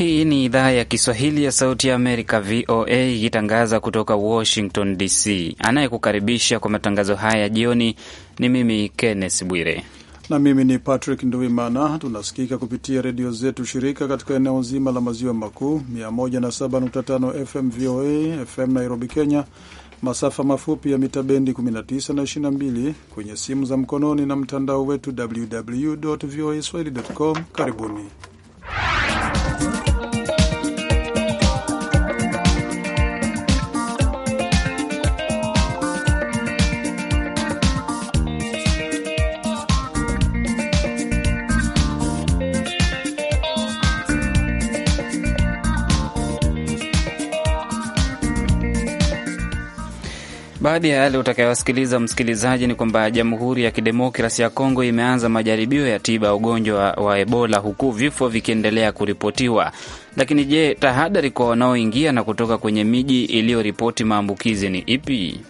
Hii ni idhaa ya Kiswahili ya Sauti ya Amerika, VOA, ikitangaza kutoka Washington DC. Anayekukaribisha kwa matangazo haya jioni ni mimi Kenneth Bwire na mimi ni Patrick Nduimana. Tunasikika kupitia redio zetu shirika katika eneo zima la maziwa makuu, 107.5 FM VOA FM Nairobi, Kenya, masafa mafupi ya mita bendi 19 na 22, kwenye simu za mkononi na mtandao wetu www voa swahili.com. Karibuni. Baadhi ya yale utakayowasikiliza msikilizaji ni kwamba Jamhuri ya Kidemokrasi ya Kongo imeanza majaribio ya tiba ya ugonjwa wa Ebola huku vifo vikiendelea kuripotiwa. Lakini je, tahadhari kwa wanaoingia na kutoka kwenye miji iliyoripoti maambukizi ni ipi?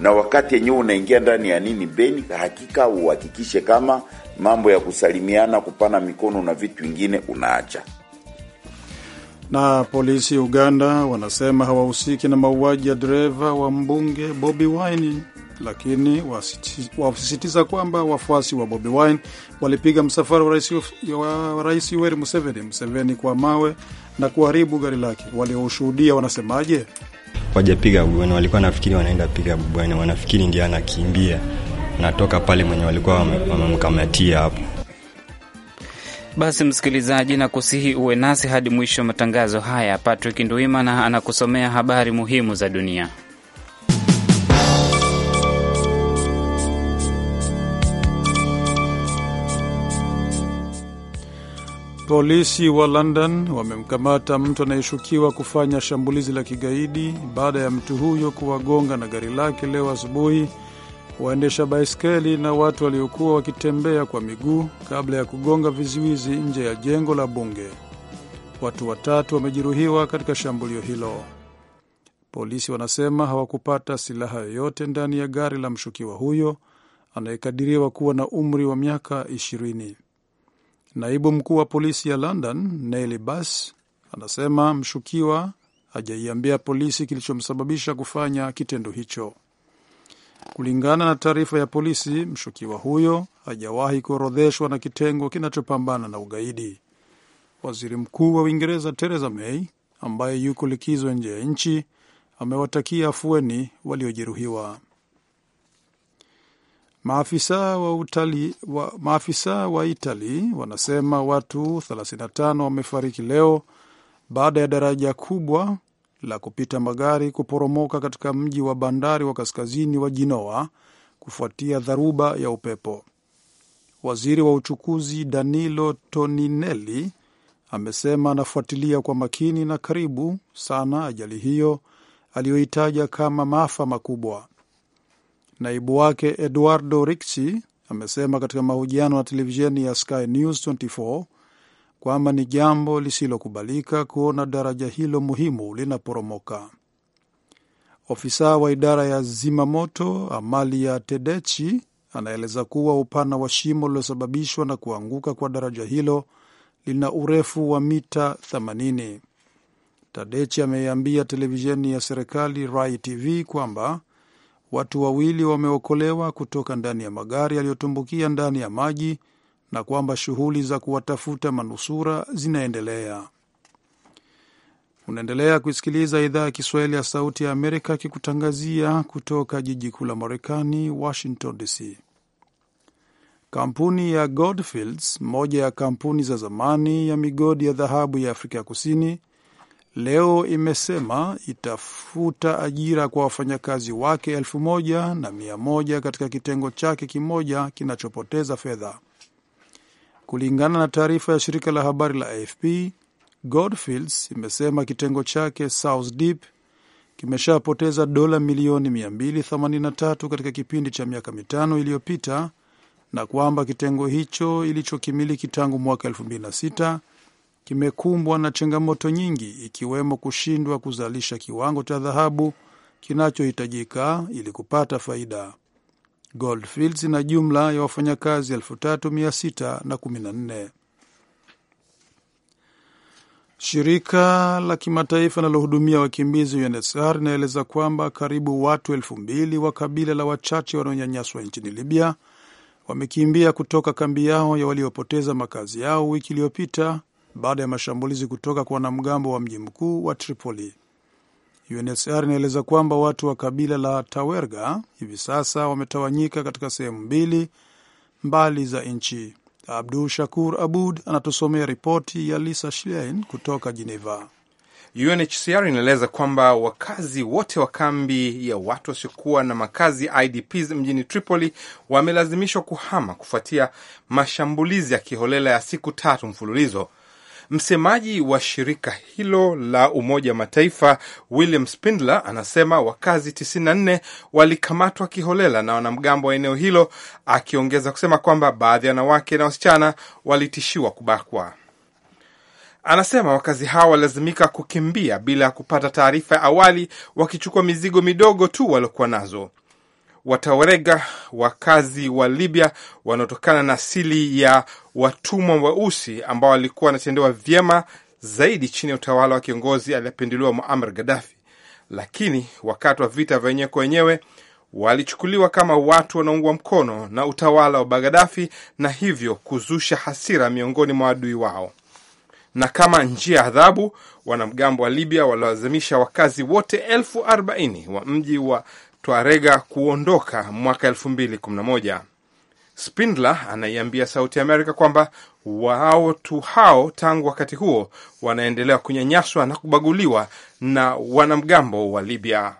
Na wakati yenyewe unaingia ndani ya nini Beni, hakika uhakikishe kama mambo ya kusalimiana, kupana mikono na vitu vingine unaacha na polisi Uganda wanasema hawahusiki na mauaji ya dereva wa mbunge Bobi Wine, lakini wasisitiza kwamba wafuasi wa Bobi Wine walipiga msafara wa rais Yoweri Museveni Museveni kwa mawe na kuharibu gari lake. Walioshuhudia wanasemaje? Wajapiga Bobi walikuwa nafikiri wanaenda piga Bobi wanafikiri ndio anakimbia, natoka pale mwenye walikuwa wamemkamatia hapo basi msikilizaji, na kusihi uwe nasi hadi mwisho wa matangazo haya. Patrick Nduimana anakusomea habari muhimu za dunia. Polisi wa London wamemkamata mtu anayeshukiwa kufanya shambulizi la kigaidi baada ya mtu huyo kuwagonga na gari lake leo asubuhi waendesha baiskeli na watu waliokuwa wakitembea kwa miguu kabla ya kugonga vizuizi nje ya jengo la bunge. Watu watatu wamejeruhiwa katika shambulio hilo. Polisi wanasema hawakupata silaha yoyote ndani ya gari la mshukiwa huyo anayekadiriwa kuwa na umri wa miaka ishirini. Naibu mkuu wa polisi ya London Neli bas anasema mshukiwa hajaiambia polisi kilichomsababisha kufanya kitendo hicho. Kulingana na taarifa ya polisi, mshukiwa huyo hajawahi kuorodheshwa na kitengo kinachopambana na ugaidi. Waziri Mkuu wa Uingereza Theresa May ambaye yuko likizo nje ya nchi amewatakia afueni waliojeruhiwa. Maafisa wa wa, maafisa wa Itali wanasema watu 35 wamefariki leo baada ya daraja kubwa la kupita magari kuporomoka katika mji wa bandari wa kaskazini wa Jinoa kufuatia dharuba ya upepo. Waziri wa uchukuzi Danilo Toninelli amesema anafuatilia kwa makini na karibu sana ajali hiyo aliyoitaja kama maafa makubwa. Naibu wake Eduardo Rixi amesema katika mahojiano na televisheni ya Sky News kwamba ni jambo lisilokubalika kuona daraja hilo muhimu linaporomoka. Ofisa wa idara ya zimamoto Amalia Tedechi anaeleza kuwa upana wa shimo lililosababishwa na kuanguka kwa daraja hilo lina urefu wa mita 80. Tadechi ameiambia televisheni ya serikali Rai TV kwamba watu wawili wameokolewa kutoka ndani ya magari yaliyotumbukia ndani ya maji na kwamba shughuli za kuwatafuta manusura zinaendelea. Unaendelea kusikiliza idhaa ya Kiswahili ya Sauti ya Amerika kikutangazia kutoka jiji kuu la Marekani, Washington DC. Kampuni ya Goldfields, moja ya kampuni za zamani ya migodi ya dhahabu ya Afrika Kusini, leo imesema itafuta ajira kwa wafanyakazi wake elfu moja na mia moja katika kitengo chake kimoja kinachopoteza fedha. Kulingana na taarifa ya shirika la habari la AFP, Goldfields imesema kitengo chake South Deep kimeshapoteza dola milioni 283 katika kipindi cha miaka mitano iliyopita na kwamba kitengo hicho ilichokimiliki tangu mwaka 2006 kimekumbwa na changamoto nyingi ikiwemo kushindwa kuzalisha kiwango cha dhahabu kinachohitajika ili kupata faida. Goldfields ina jumla ya wafanyakazi 3614. Shirika la kimataifa linalohudumia wakimbizi UNHCR linaeleza kwamba karibu watu elfu mbili wa kabila la wachache wanaonyanyaswa nchini Libya wamekimbia kutoka kambi yao ya waliopoteza makazi yao wiki iliyopita baada ya mashambulizi kutoka kwa wanamgambo wa mji mkuu wa Tripoli. UNHCR inaeleza kwamba watu wa kabila la Tawerga hivi sasa wametawanyika katika sehemu mbili mbali za nchi. Abdu Shakur Abud anatusomea ripoti ya Lisa Schlein kutoka Geneva. UNHCR inaeleza kwamba wakazi wote wa kambi ya watu wasiokuwa na makazi IDPs mjini Tripoli wamelazimishwa kuhama kufuatia mashambulizi ya kiholela ya siku tatu mfululizo Msemaji wa shirika hilo la Umoja wa Mataifa William Spindler anasema wakazi 94 walikamatwa kiholela na wanamgambo wa eneo hilo, akiongeza kusema kwamba baadhi ya wanawake na wasichana walitishiwa kubakwa. Anasema wakazi hao walilazimika kukimbia bila ya kupata taarifa ya awali, wakichukua mizigo midogo tu waliokuwa nazo watawarega wakazi wa Libya wanaotokana na asili ya watumwa weusi ambao walikuwa wanatendewa vyema zaidi chini ya utawala wa kiongozi aliyepinduliwa Muammar Gaddafi, lakini wakati wa vita vya wenyewe kwa wenyewe walichukuliwa kama watu wanaungwa mkono na utawala wa Bagadafi na hivyo kuzusha hasira miongoni mwa adui wao. Na kama njia ya adhabu, wanamgambo wa Libya walilazimisha wakazi wote elfu arobaini wa mji wa Twarega kuondoka mwaka moja. Spindler anaiambia Sauti Amerika kwamba watu hao tangu wakati huo wanaendelea kunyanyaswa na kubaguliwa na wanamgambo wa Libya.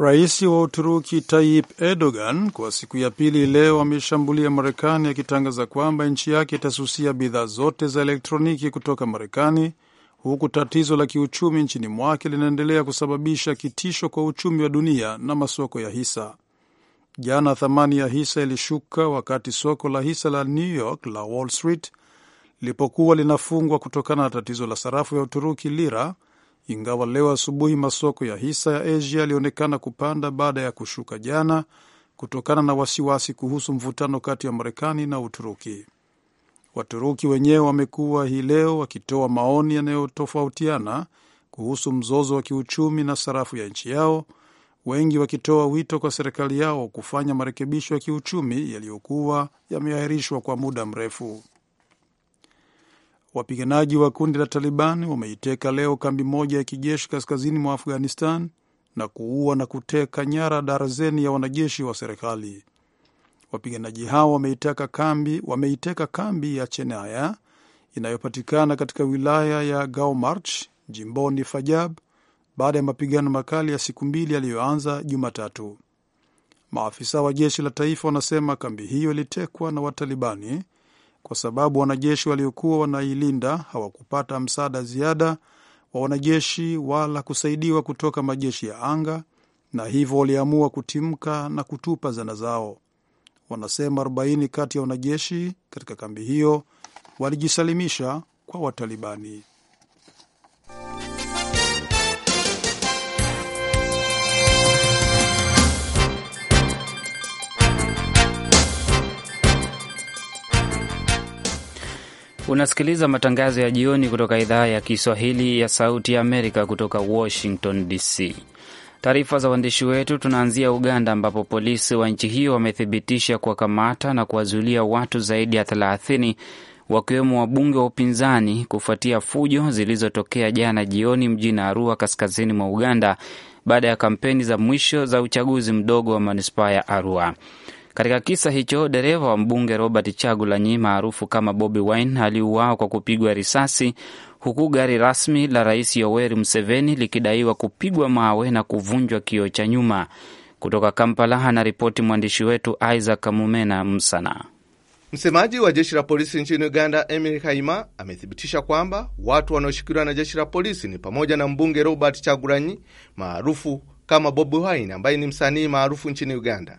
Rais wa Uturuki Tayyip Erdogan kwa siku ya pili leo ameshambulia Marekani akitangaza kwamba nchi yake itasusia bidhaa zote za elektroniki kutoka Marekani huku tatizo la kiuchumi nchini mwake linaendelea kusababisha kitisho kwa uchumi wa dunia na masoko ya hisa. Jana thamani ya hisa ilishuka wakati soko la hisa la New York la Wall Street lilipokuwa linafungwa kutokana na tatizo la sarafu ya Uturuki lira, ingawa leo asubuhi masoko ya hisa ya Asia yalionekana kupanda baada ya kushuka jana kutokana na wasiwasi kuhusu mvutano kati ya Marekani na Uturuki. Waturuki wenyewe wamekuwa hii leo wakitoa maoni yanayotofautiana kuhusu mzozo wa kiuchumi na sarafu ya nchi yao, wengi wakitoa wito kwa serikali yao kufanya marekebisho ya kiuchumi yaliyokuwa yameahirishwa kwa muda mrefu. Wapiganaji wa kundi la Taliban wameiteka leo kambi moja ya kijeshi kaskazini mwa Afghanistan na kuua na kuteka nyara darazeni ya wanajeshi wa serikali. Wapiganaji hao wameiteka kambi, wameiteka kambi ya Chenaya inayopatikana katika wilaya ya Gaumarch jimboni Fajab baada ya mapigano makali ya siku mbili yaliyoanza Jumatatu. Maafisa wa jeshi la taifa wanasema kambi hiyo ilitekwa na Watalibani kwa sababu wanajeshi waliokuwa wanailinda hawakupata msaada ziada wa wanajeshi wala kusaidiwa kutoka majeshi ya anga, na hivyo waliamua kutimka na kutupa zana zao wanasema 40 kati ya wanajeshi katika kambi hiyo walijisalimisha kwa Watalibani. Unasikiliza matangazo ya jioni kutoka idhaa ya Kiswahili ya Sauti ya Amerika kutoka Washington DC. Taarifa za waandishi wetu, tunaanzia Uganda ambapo polisi wa nchi hiyo wamethibitisha kuwakamata na kuwazuilia watu zaidi ya thelathini wakiwemo wabunge wa upinzani kufuatia fujo zilizotokea jana jioni mjini Arua, kaskazini mwa Uganda, baada ya kampeni za mwisho za uchaguzi mdogo wa manispaa ya Arua. Katika kisa hicho, dereva wa mbunge Robert Chagulanyi maarufu kama Bobi Wine aliuawa kwa kupigwa risasi, huku gari rasmi la rais Yoweri Museveni likidaiwa kupigwa mawe na kuvunjwa kioo cha nyuma. Kutoka Kampala anaripoti mwandishi wetu Isaac Mumena Msana. Msemaji wa jeshi la polisi nchini Uganda, emil Kaima, amethibitisha kwamba watu wanaoshikiliwa na jeshi la polisi ni pamoja na mbunge Robert Chagulanyi maarufu kama Bobi Wine ambaye ni msanii maarufu nchini Uganda.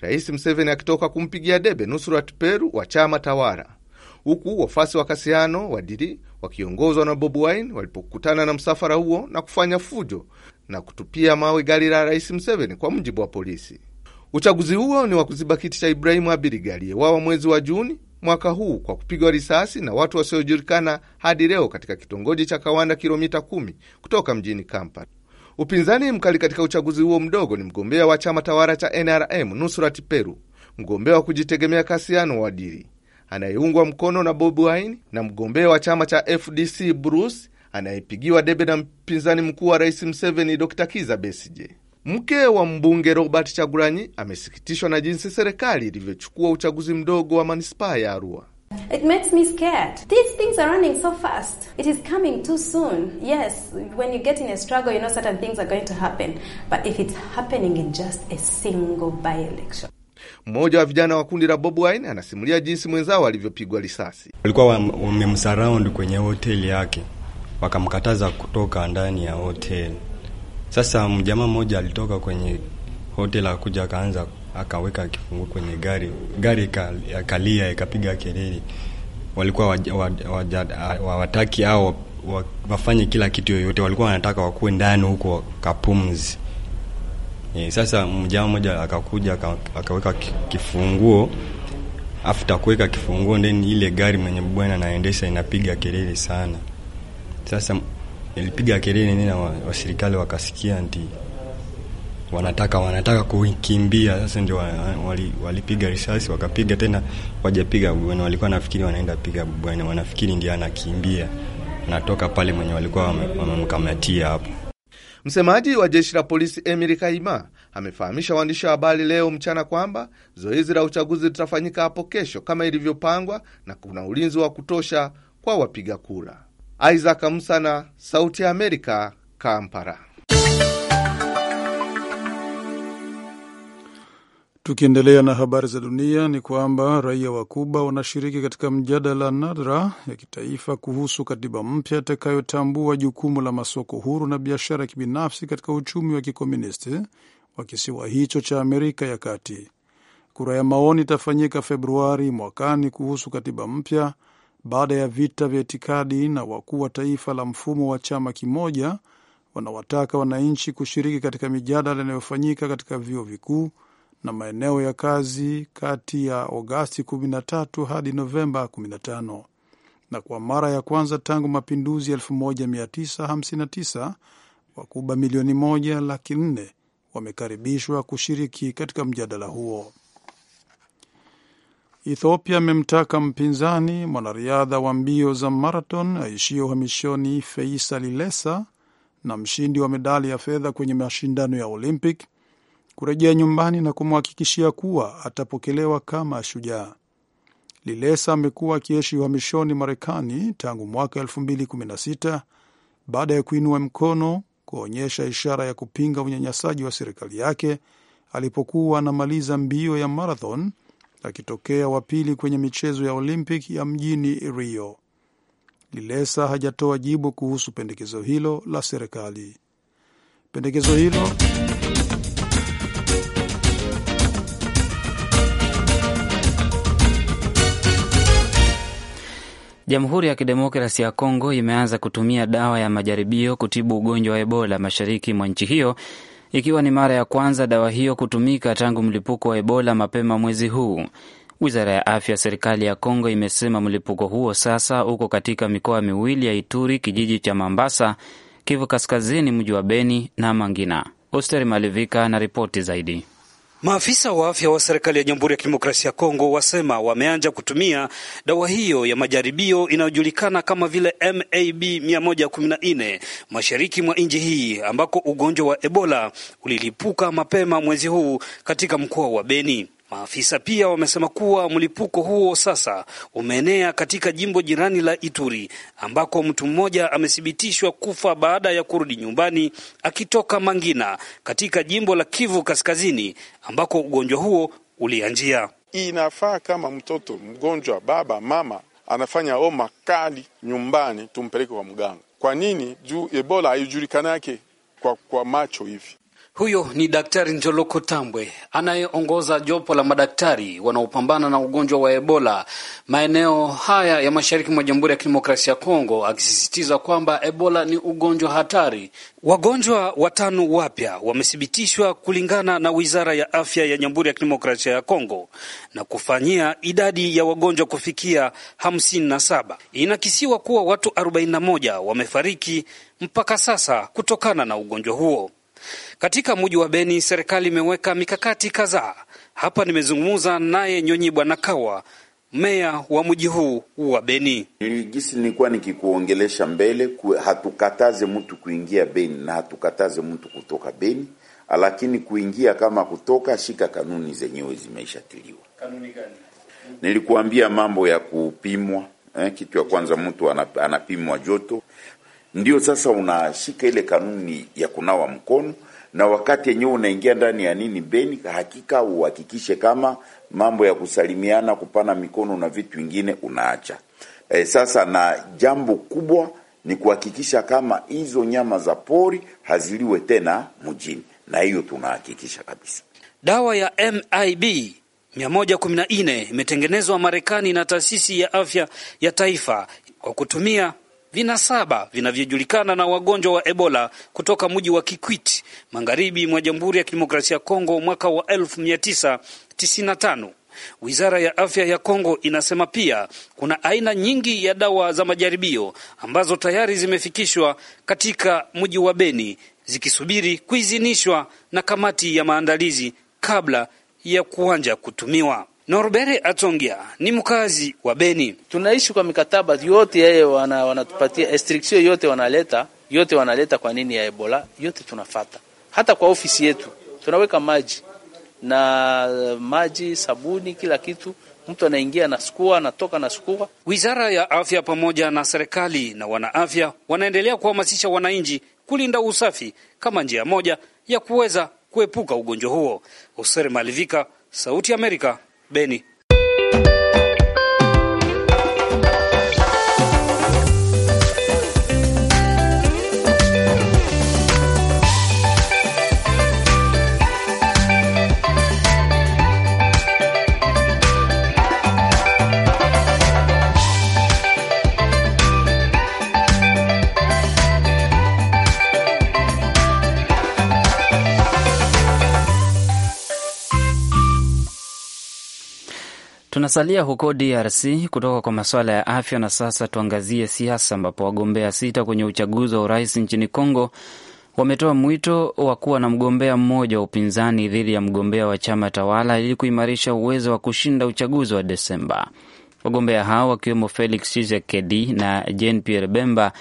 Rais Museveni akitoka kumpigia debe Nusrat Peru wa chama tawala, huku wafasi wa Kasiano Wadiri wakiongozwa na Bobi Wine walipokutana na msafara huo na kufanya fujo na kutupia mawe gari la Rais Museveni, kwa mujibu wa polisi. Uchaguzi huo ni wa kuziba kiti cha Ibrahimu Abiriga aliyeuawa mwezi wa Juni mwaka huu kwa kupigwa risasi na watu wasiojulikana hadi leo katika kitongoji cha Kawanda, kilomita 10 kutoka mjini Kampala. Upinzani mkali katika uchaguzi huo mdogo ni mgombea wa chama tawala cha NRM Nusrat Peru, mgombea wa kujitegemea Kasiano Wadiri anayeungwa mkono na Bobi Wine na mgombea wa chama cha FDC Bruce anayepigiwa debe na mpinzani mkuu wa rais Museveni Dr Kiza Besije. Mke wa mbunge Robert Chaguranyi amesikitishwa na jinsi serikali ilivyochukua uchaguzi mdogo wa manispaa ya Arua. It makes me scared. These things are running so fast. It is coming too soon. Yes, when you get in a struggle, you know certain things are going to happen. But if it's happening in just a single by-election. Mmoja wa vijana wa kundi la Bob Wine anasimulia jinsi mwenzao alivyopigwa risasi. Walikuwa wamemsaraundi kwenye hoteli yake, wakamkataza kutoka ndani ya hoteli. Sasa mjamaa mmoja alitoka kwenye hoteli akuja akaanza akaweka kifunguo kwenye gari, gari ikalia ikapiga kelele. Walikuwa hawataki au wafanye kila kitu yoyote, walikuwa wanataka wakuwe ndani huko kapumzi. E, sasa mjamaa mmoja akakuja akaweka kifunguo after kuweka kifunguo ndeni ile gari mwenye bwana naendesha inapiga kelele sana. Sasa ilipiga kelele nini, na wasirikali wakasikia nti wanataka wanataka kukimbia. Sasa ndio walipiga wali risasi wakapiga tena, wajapiga bwana, walikuwa nafikiri wanaenda piga bwana, wanafikiri ndio anakimbia, anatoka pale mwenye walikuwa wamemkamatia hapo. Msemaji wa jeshi la polisi Emiri Kaima amefahamisha waandishi wa habari leo mchana kwamba zoezi la uchaguzi litafanyika hapo kesho kama ilivyopangwa na kuna ulinzi wa kutosha kwa wapiga kura. Isaac Msana, Sauti ya Amerika, Kampala. Tukiendelea na habari za dunia ni kwamba raia wa Kuba wanashiriki katika mjadala nadra ya kitaifa kuhusu katiba mpya itakayotambua jukumu la masoko huru na biashara ya kibinafsi katika uchumi wa kikomunisti wa kisiwa hicho cha Amerika ya Kati. Kura ya maoni itafanyika Februari mwakani kuhusu katiba mpya baada ya vita vya itikadi na wakuu wa taifa la mfumo wa chama kimoja wanawataka wananchi kushiriki katika mijadala inayofanyika katika vyuo vikuu na maeneo ya kazi kati ya Agosti 13 hadi Novemba 15 na kwa mara ya kwanza tangu mapinduzi 1959 Wakuba milioni moja laki nne wamekaribishwa kushiriki katika mjadala huo. Ethiopia amemtaka mpinzani mwanariadha wa mbio za marathon aishio uhamishoni Feisa Lilesa na mshindi wa medali ya fedha kwenye mashindano ya Olympic kurejea nyumbani na kumhakikishia kuwa atapokelewa kama shujaa. Lilesa amekuwa akiishi uhamishoni Marekani tangu mwaka 2016 baada ya kuinua mkono kuonyesha ishara ya kupinga unyanyasaji wa serikali yake alipokuwa anamaliza mbio ya marathon akitokea wa pili kwenye michezo ya Olympic ya mjini Rio. Lilesa hajatoa jibu kuhusu pendekezo hilo la serikali. Pendekezo hilo Jamhuri ya Kidemokrasi ya Kongo imeanza kutumia dawa ya majaribio kutibu ugonjwa wa Ebola mashariki mwa nchi hiyo, ikiwa ni mara ya kwanza dawa hiyo kutumika tangu mlipuko wa Ebola mapema mwezi huu. Wizara ya afya ya serikali ya Kongo imesema mlipuko huo sasa uko katika mikoa miwili ya Ituri, kijiji cha Mambasa, Kivu Kaskazini, mji wa Beni na Mangina. Oster Malivika na ripoti zaidi. Maafisa wa afya wa serikali ya Jamhuri ya Kidemokrasia ya Kongo wasema wameanza kutumia dawa hiyo ya majaribio inayojulikana kama vile MAB 114 mashariki mwa nchi hii ambako ugonjwa wa Ebola ulilipuka mapema mwezi huu katika mkoa wa Beni. Maafisa pia wamesema kuwa mlipuko huo sasa umeenea katika jimbo jirani la Ituri ambako mtu mmoja amethibitishwa kufa baada ya kurudi nyumbani akitoka Mangina katika jimbo la Kivu Kaskazini ambako ugonjwa huo ulianjia. Inafaa kama mtoto mgonjwa, baba mama anafanya homa kali nyumbani, tumpeleke kwa mganga. Kwa nini? Juu Ebola haijulikanake kwa, kwa macho hivi huyo ni Daktari Njoloko Tambwe anayeongoza jopo la madaktari wanaopambana na ugonjwa wa Ebola maeneo haya ya mashariki mwa Jamhuri ya Kidemokrasia ya Kongo, akisisitiza kwamba Ebola ni ugonjwa hatari. Wagonjwa watano wapya wamethibitishwa kulingana na Wizara ya Afya ya Jamhuri ya Kidemokrasia ya Kongo na kufanyia idadi ya wagonjwa kufikia 57. Inakisiwa kuwa watu 41 wamefariki mpaka sasa kutokana na ugonjwa huo. Katika mji wa Beni serikali imeweka mikakati kadhaa. Hapa nimezungumza naye Nyonyi Bwana Kawa, meya wa mji huu wa Beni. jisi nilikuwa nikikuongelesha mbele, hatukataze mtu kuingia Beni na hatukataze mtu kutoka Beni, lakini kuingia kama kutoka, shika kanuni zenyewe zimeishatiliwa. Nilikuambia mambo ya kupimwa eh, kitu ya kwanza mtu anapimwa joto, ndio sasa unashika ile kanuni ya kunawa mkono na wakati yenyewe unaingia ndani ya nini Beni, hakika uhakikishe kama mambo ya kusalimiana, kupana mikono na vitu vingine unaacha. E, sasa na jambo kubwa ni kuhakikisha kama hizo nyama za pori haziliwe tena mjini, na hiyo tunahakikisha kabisa. Dawa ya MIB 114 imetengenezwa Marekani na taasisi ya afya ya taifa kwa kutumia vinasaba vinavyojulikana na wagonjwa wa Ebola kutoka mji wa Kikwiti magharibi mwa Jamhuri ya Kidemokrasia ya Kongo mwaka wa 1995. Wizara ya Afya ya Kongo inasema pia kuna aina nyingi ya dawa za majaribio ambazo tayari zimefikishwa katika mji wa Beni zikisubiri kuidhinishwa na kamati ya maandalizi kabla ya kuanza kutumiwa. Norbere atongia ni mkazi wa Beni. Tunaishi kwa mikataba yote yeye wana, wanatupatia restriction yote wanaleta, yote wanaleta kwa nini ya Ebola, yote tunafata. Hata kwa ofisi yetu tunaweka maji na maji, sabuni, kila kitu mtu anaingia na sukua anatoka na sukua. Wizara ya Afya pamoja na serikali na wanaafya wanaendelea kuhamasisha wananchi kulinda usafi kama njia moja ya kuweza kuepuka ugonjwa huo. Hoser Malivika, Sauti ya Amerika, Beni Tunasalia huko DRC kutoka kwa masuala ya afya, na sasa tuangazie siasa, ambapo wagombea sita kwenye uchaguzi wa urais nchini Kongo wametoa mwito wa kuwa na mgombea mmoja wa upinzani dhidi ya mgombea wa chama tawala ili kuimarisha uwezo wa kushinda uchaguzi wa Desemba. Wagombea hao wakiwemo Felix Tshisekedi na Jean Pierre Bemba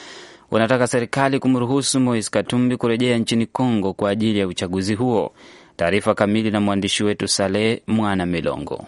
wanataka serikali kumruhusu Moise Katumbi kurejea nchini Kongo kwa ajili ya uchaguzi huo. Taarifa kamili na mwandishi wetu Saleh Mwana Milongo.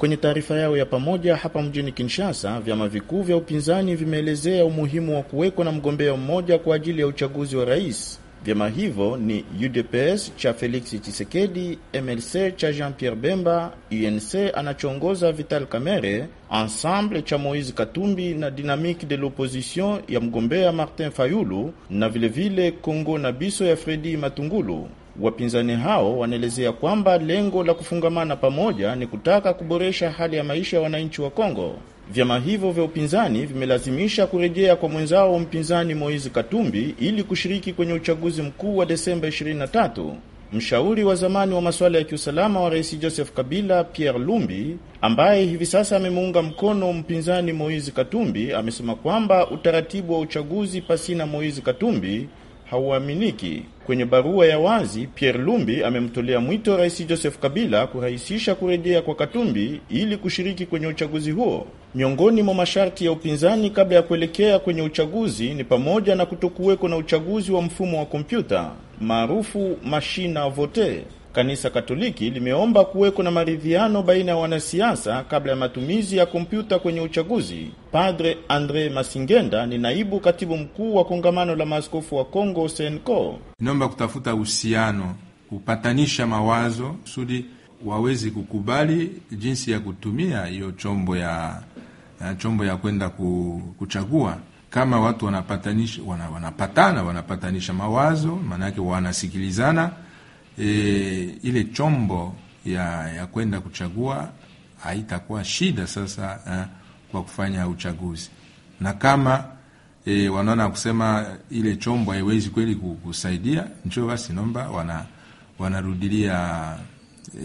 Kwenye taarifa yao ya pamoja hapa mjini Kinshasa, vyama vikuu vya upinzani vimeelezea umuhimu wa kuwekwa na mgombea mmoja kwa ajili ya uchaguzi wa rais. Vyama hivyo ni UDPS cha Felix Chisekedi, MLC cha Jean Pierre Bemba, UNC anachoongoza Vital Kamerhe, Ensemble cha Moise Katumbi na Dynamique de l'Opposition ya mgombea Martin Fayulu, na vilevile Kongo na biso ya Fredi Matungulu. Wapinzani hao wanaelezea kwamba lengo la kufungamana pamoja ni kutaka kuboresha hali ya maisha ya wananchi wa Kongo. Vyama hivyo vya upinzani vimelazimisha kurejea kwa mwenzao mpinzani Moizi Katumbi ili kushiriki kwenye uchaguzi mkuu wa Desemba 23. Mshauri wa zamani wa masuala ya kiusalama wa Rais Joseph Kabila, Pierre Lumbi, ambaye hivi sasa amemuunga mkono mpinzani Moizi Katumbi, amesema kwamba utaratibu wa uchaguzi pasina Moizi Katumbi hauaminiki. Kwenye barua ya wazi, Pierre Lumbi amemtolea mwito Rais Joseph Kabila kurahisisha kurejea kwa Katumbi ili kushiriki kwenye uchaguzi huo. Miongoni mwa masharti ya upinzani kabla ya kuelekea kwenye uchaguzi ni pamoja na kutokuweko na uchaguzi wa mfumo wa kompyuta maarufu mashina vote. Kanisa Katoliki limeomba kuweko na maridhiano baina ya wanasiasa kabla ya matumizi ya kompyuta kwenye uchaguzi. Padre Andre Masingenda ni naibu katibu mkuu wa kongamano la maaskofu wa congo Senko. Inaomba kutafuta uhusiano, kupatanisha mawazo kusudi wawezi kukubali jinsi ya kutumia hiyo chombo ya, ya chombo ya kwenda kuchagua kama watu wanapatanisha, wanapatana wanapatanisha mawazo, maanake wanasikilizana e, ile chombo ya, ya kwenda kuchagua haitakuwa shida sasa eh, kwa kufanya uchaguzi. Na kama e, wanaona kusema ile chombo haiwezi kweli kusaidia, njo basi nomba wana wanarudilia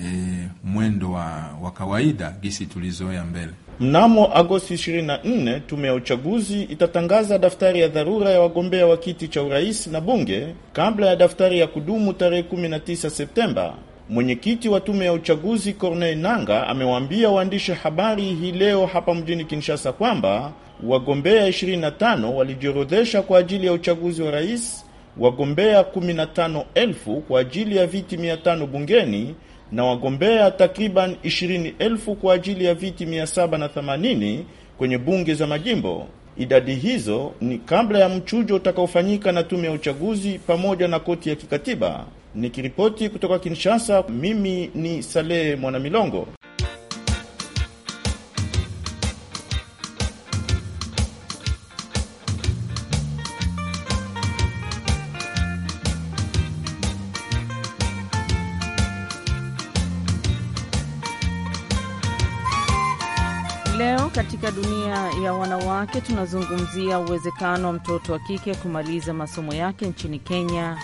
e, mwendo wa, wa kawaida gisi tulizoya mbele. Mnamo Agosti 24 tume ya uchaguzi itatangaza daftari ya dharura ya wagombea wa kiti cha urais na bunge kabla ya daftari ya kudumu tarehe 19 Septemba. Mwenyekiti wa tume ya uchaguzi Corneille Nanga amewaambia waandishi habari hii leo hapa mjini Kinshasa kwamba wagombea 25 walijiorodhesha kwa ajili ya uchaguzi wa rais, wagombea 15,000 kwa ajili ya viti 500 bungeni na wagombea takriban 20,000 kwa ajili ya viti 780 kwenye bunge za majimbo. Idadi hizo ni kabla ya mchujo utakaofanyika na tume ya uchaguzi pamoja na koti ya kikatiba. Nikiripoti kutoka Kinshasa, mimi ni Saleh Mwanamilongo. leo katika dunia ya wanawake tunazungumzia uwezekano wa mtoto wa kike kumaliza masomo yake nchini Kenya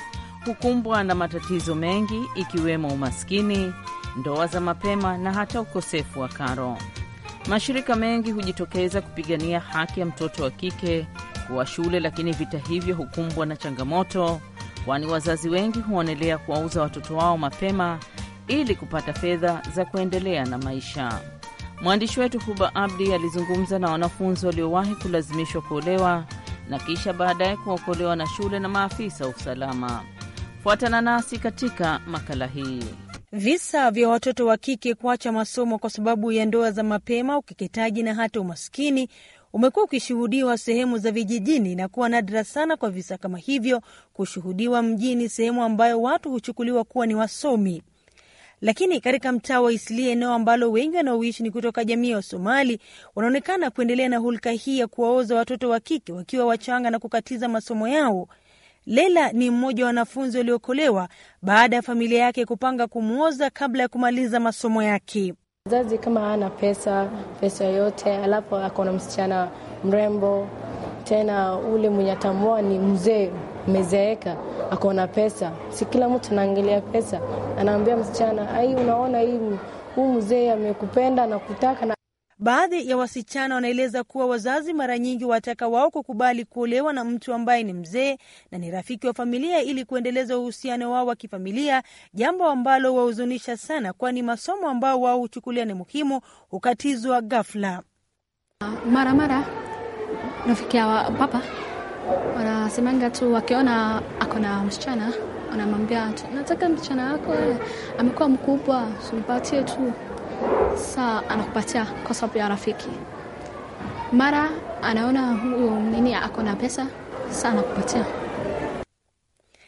hukumbwa na matatizo mengi ikiwemo umaskini, ndoa za mapema na hata ukosefu wa karo. Mashirika mengi hujitokeza kupigania haki ya mtoto wa kike kuwa shule, lakini vita hivyo hukumbwa na changamoto, kwani wazazi wengi huonelea kuwauza watoto wao mapema ili kupata fedha za kuendelea na maisha. Mwandishi wetu Huba Abdi alizungumza na wanafunzi waliowahi kulazimishwa kuolewa na kisha baadaye kuokolewa na shule na maafisa wa usalama. Fuatana nasi katika makala hii. Visa vya watoto wa kike kuacha masomo kwa sababu ya ndoa za mapema, ukeketaji na hata umaskini umekuwa ukishuhudiwa sehemu za vijijini na kuwa nadra sana kwa visa kama hivyo kushuhudiwa mjini, sehemu ambayo watu huchukuliwa kuwa ni wasomi. Lakini katika mtaa wa Isli, eneo ambalo wengi wanaoishi ni kutoka jamii ya Somali, wanaonekana kuendelea na hulka hii ya kuwaoza watoto wa kike wakiwa wachanga na kukatiza masomo yao. Lela ni mmoja wa wanafunzi waliokolewa baada ya familia yake kupanga kumwoza kabla ya kumaliza masomo yake. Mzazi kama ana pesa pesa yoyote, alafu akona msichana mrembo, tena ule mwenye atamwoa ni mzee ako na pesa. Si kila mtu anaangalia pesa, anaambia msichana, ai, unaona hii huu mzee amekupenda na kutaka na Baadhi ya wasichana wanaeleza kuwa wazazi mara nyingi wataka wao kukubali kuolewa na mtu ambaye ni mzee na ni rafiki wa familia ili kuendeleza uhusiano wao wa kifamilia, jambo ambalo wahuzunisha sana, kwani masomo ambao wao huchukulia ni muhimu hukatizwa ghafla. Mara mara rafiki ya papa wanasemanga tu wakiona ako na msichana wanamwambia tu, nataka msichana wako amekuwa mkubwa, simpatie tu. Saa anakupatia kwa sababu ya rafiki, mara anaona huyo nini ako na pesa, saa anakupatia.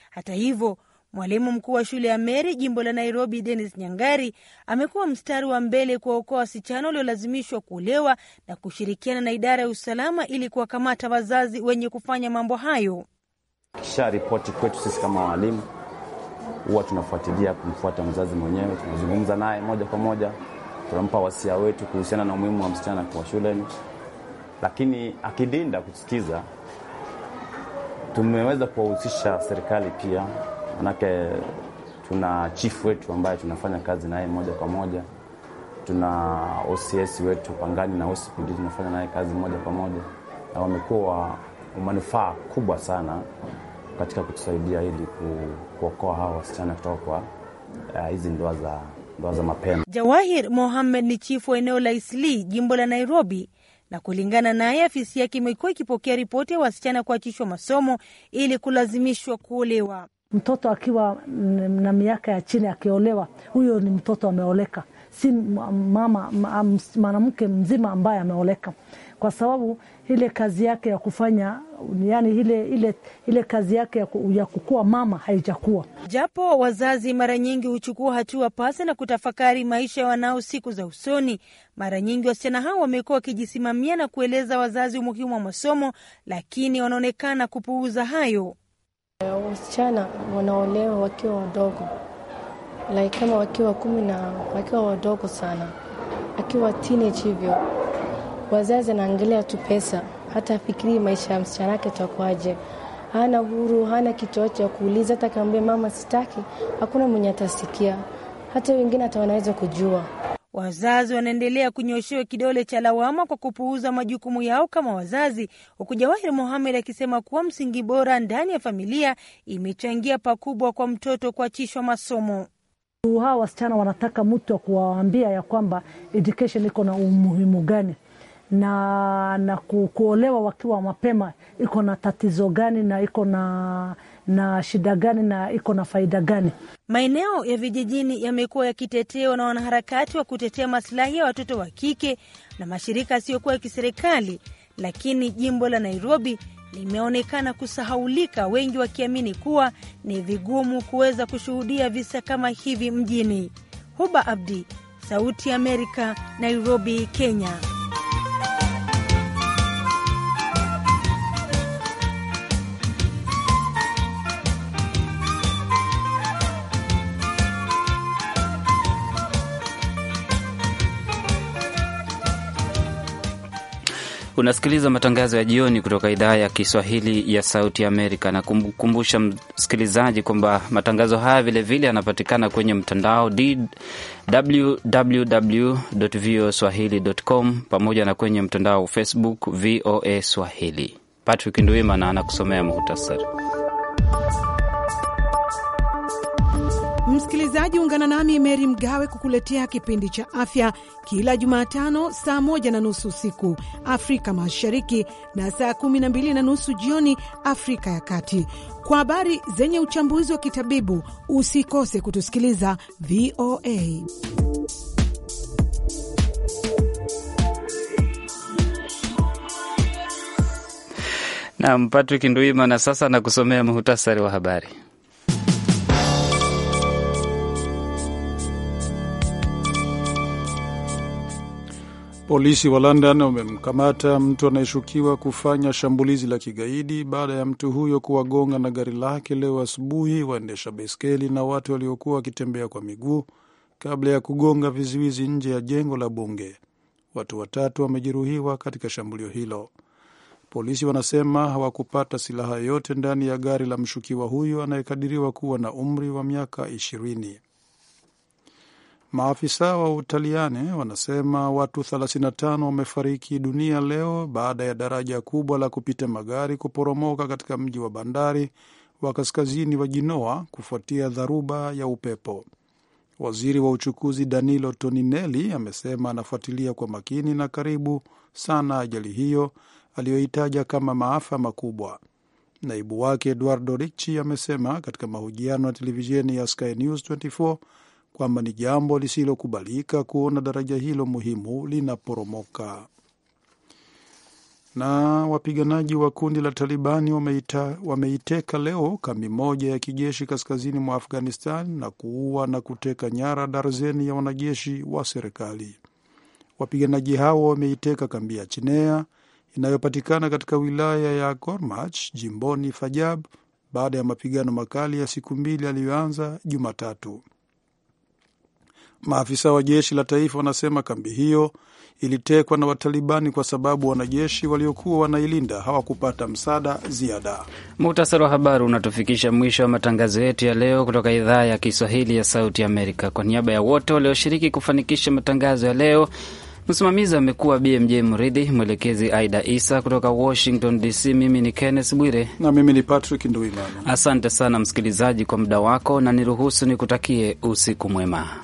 Hata hivyo Mwalimu mkuu wa shule ya Meri jimbo la Nairobi, denis Nyangari amekuwa mstari wa mbele kuwaokoa wasichana waliolazimishwa kuolewa na kushirikiana na idara ya usalama ili kuwakamata wazazi wenye kufanya mambo hayo. Kisha ripoti kwetu sisi kama walimu, huwa tunafuatilia kumfuata mzazi mwenyewe, tunazungumza naye moja kwa moja, tunampa wasia wetu kuhusiana na umuhimu wa msichana kwa shuleni, lakini akidinda kusikiza, tumeweza kuwahusisha serikali pia manake tuna chifu wetu ambaye tunafanya kazi naye moja kwa moja, tuna OCS wetu Pangani na OCPD tunafanya naye kazi moja kwa moja, na wamekuwa manufaa kubwa sana katika kutusaidia ili kuokoa hawa wasichana kutoka kwa uh, hizi ndoa za ndoa za mapema. Jawahir Mohamed ni chifu wa eneo la Isli, jimbo la Nairobi na kulingana naye, afisi yake imekuwa ikipokea ripoti ya wasichana kuachishwa masomo ili kulazimishwa kuolewa mtoto akiwa na miaka ya chini akiolewa, huyo ni mtoto ameoleka, si mama mwanamke mzima ambaye ameoleka, kwa sababu ile kazi yake ya kufanya yani ile, ile, ile kazi yake ya, ya kukuwa mama haijakuwa. Japo wazazi mara nyingi huchukua hatua pasi na kutafakari maisha ya wanao siku za usoni, mara nyingi wasichana hao wamekuwa wakijisimamia na kueleza wazazi umuhimu wa masomo, lakini wanaonekana kupuuza hayo. Eh, wasichana wanaolewa wakiwa wadogo like kama wakiwa kumi na wakiwa wadogo sana, akiwa teenage hivyo, wazazi anaangalia tu pesa, hata afikirii maisha ya msichana yake takwaje. Hana huru, hana kichocho cha kuuliza. Hata kaambia mama sitaki, hakuna mwenye atasikia, hata wengine hata wanaweza kujua Wazazi wanaendelea kunyoshewa kidole cha lawama kwa kupuuza majukumu yao kama wazazi, huku Jawahir Mohamed akisema kuwa msingi bora ndani ya familia imechangia pakubwa kwa mtoto kuachishwa masomo. Hawa wasichana wanataka mtu wa kuwaambia ya kwamba education iko na umuhimu gani na, na ku, kuolewa wakiwa mapema iko na tatizo gani na iko na na shida gani na iko na faida gani. Maeneo ya vijijini yamekuwa yakitetewa na wanaharakati wa kutetea masilahi ya watoto wa kike na mashirika yasiyokuwa ya kiserikali, lakini jimbo la Nairobi limeonekana kusahaulika, wengi wakiamini kuwa ni vigumu kuweza kushuhudia visa kama hivi mjini. Huba Abdi, Sauti ya Amerika, Nairobi, Kenya. Unasikiliza matangazo ya jioni kutoka idhaa ya Kiswahili ya Sauti Amerika, na kumkumbusha msikilizaji kwamba matangazo haya vilevile yanapatikana kwenye mtandao www voa swahili com, pamoja na kwenye mtandao wa Facebook VOA Swahili. Patrick Ndwimana anakusomea muhtasari. Msikilizaji, ungana nami Meri Mgawe kukuletea kipindi cha afya kila Jumatano saa moja na nusu usiku Afrika Mashariki na saa kumi na mbili na nusu jioni Afrika ya Kati, kwa habari zenye uchambuzi wa kitabibu. Usikose kutusikiliza VOA. Nam Patrick Nduima na sasa nakusomea muhutasari wa habari. Polisi wa London wamemkamata mtu anayeshukiwa kufanya shambulizi la kigaidi baada ya mtu huyo kuwagonga na gari lake leo asubuhi waendesha baiskeli na watu waliokuwa wakitembea kwa miguu kabla ya kugonga vizuizi nje ya jengo la bunge. Watu watatu wamejeruhiwa katika shambulio hilo. Polisi wanasema hawakupata silaha yoyote ndani ya gari la mshukiwa huyo anayekadiriwa kuwa na umri wa miaka ishirini. Maafisa wa Utaliani wanasema watu 35 wamefariki dunia leo baada ya daraja kubwa la kupita magari kuporomoka katika mji wa bandari wa kaskazini wa Jinoa kufuatia dharuba ya upepo. Waziri wa uchukuzi Danilo Toninelli amesema anafuatilia kwa makini na karibu sana ajali hiyo aliyoitaja kama maafa makubwa. Naibu wake Eduardo Ricci amesema katika mahojiano ya televisheni ya Sky News 24 kwamba ni jambo lisilokubalika kuona daraja hilo muhimu linaporomoka. Na wapiganaji wa kundi la Talibani wameita, wameiteka leo kambi moja ya kijeshi kaskazini mwa Afghanistan na kuua na kuteka nyara darzeni ya wanajeshi wa serikali. Wapiganaji hao wameiteka kambi ya Chinea inayopatikana katika wilaya ya Gormach jimboni Fajab baada ya mapigano makali ya siku mbili yaliyoanza Jumatatu. Maafisa wa jeshi la taifa wanasema kambi hiyo ilitekwa na Watalibani kwa sababu wanajeshi waliokuwa wanailinda hawakupata msaada ziada. Muhtasari wa habari unatufikisha mwisho wa matangazo yetu ya leo kutoka idhaa ya Kiswahili ya Sauti Amerika. Kwa niaba ya wote walioshiriki kufanikisha matangazo ya leo, msimamizi amekuwa BMJ Mridhi, mwelekezi Aida Isa. Kutoka Washington DC, mimi ni Kenneth Bwire na mimi ni Patrick Nduimana. Asante sana msikilizaji kwa muda wako, na niruhusu nikutakie usiku mwema.